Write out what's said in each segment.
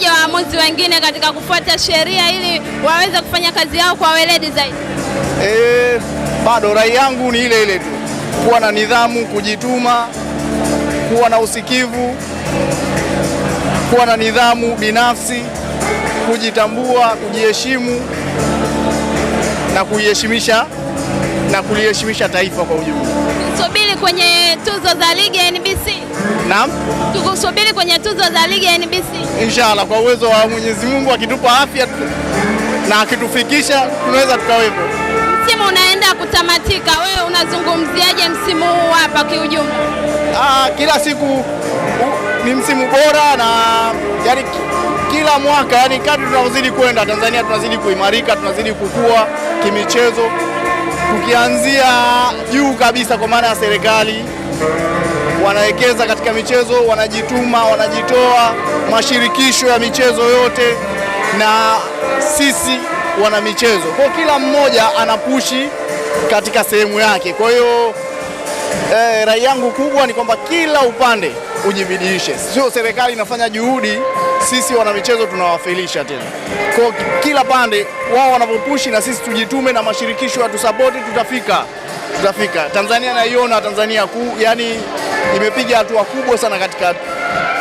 waje waamuzi wengine katika kufuata sheria ili waweze kufanya kazi yao kwa weledi zaidi? Eh, bado rai yangu ni ile ile tu, kuwa na nidhamu, kujituma, kuwa na usikivu, kuwa na nidhamu binafsi, kujitambua, kujiheshimu na kuiheshimisha na kuliheshimisha taifa kwa ujumla. Subiri kwenye tuzo za ligi ya NBC. Naam, tukusubiri kwenye tuzo za ligi ya NBC inshallah, kwa uwezo wa Mwenyezi Mungu akitupa afya na akitufikisha tunaweza tukawepo. Msimu unaenda kutamatika, wewe unazungumziaje msimu huu hapa kiujumla? Ah, kila siku u, ni msimu bora na yani kila mwaka yani kadri tunazidi kwenda, Tanzania tunazidi kuimarika, tunazidi kukua kimichezo, tukianzia juu kabisa kwa maana ya serikali wanawekeza katika michezo, wanajituma, wanajitoa mashirikisho ya michezo yote na sisi wana michezo, kwa kila mmoja anapushi katika sehemu yake. Kwa hiyo eh, rai yangu kubwa ni kwamba kila upande ujibidiishe, sio serikali inafanya juhudi, sisi wana michezo tunawafilisha tena. Kwa kila pande wao wanapopushi na sisi tujitume na mashirikisho yatusapoti, tutafika tutafika. Tanzania naiona Tanzania kuu, yani imepiga hatua kubwa sana katika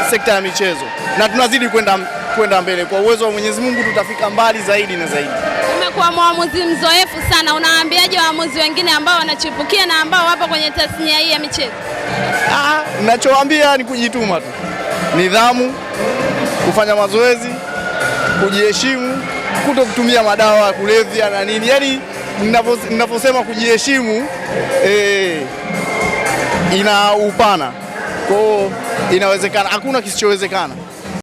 sekta ya michezo na tunazidi kwenda kwenda mbele. Kwa uwezo wa Mwenyezi Mungu tutafika mbali zaidi na zaidi. Umekuwa mwamuzi mzoefu sana, unawaambiaje waamuzi wengine ambao wanachipukia na ambao wapo kwenye tasnia hii ya michezo? Ah, nachowaambia ni kujituma tu, nidhamu, kufanya mazoezi, kujiheshimu, kuto kutumia madawa ya kulevya na nini, yaani ninaposema kujiheshimu eh, ina upana kwao, inawezekana, hakuna kisichowezekana.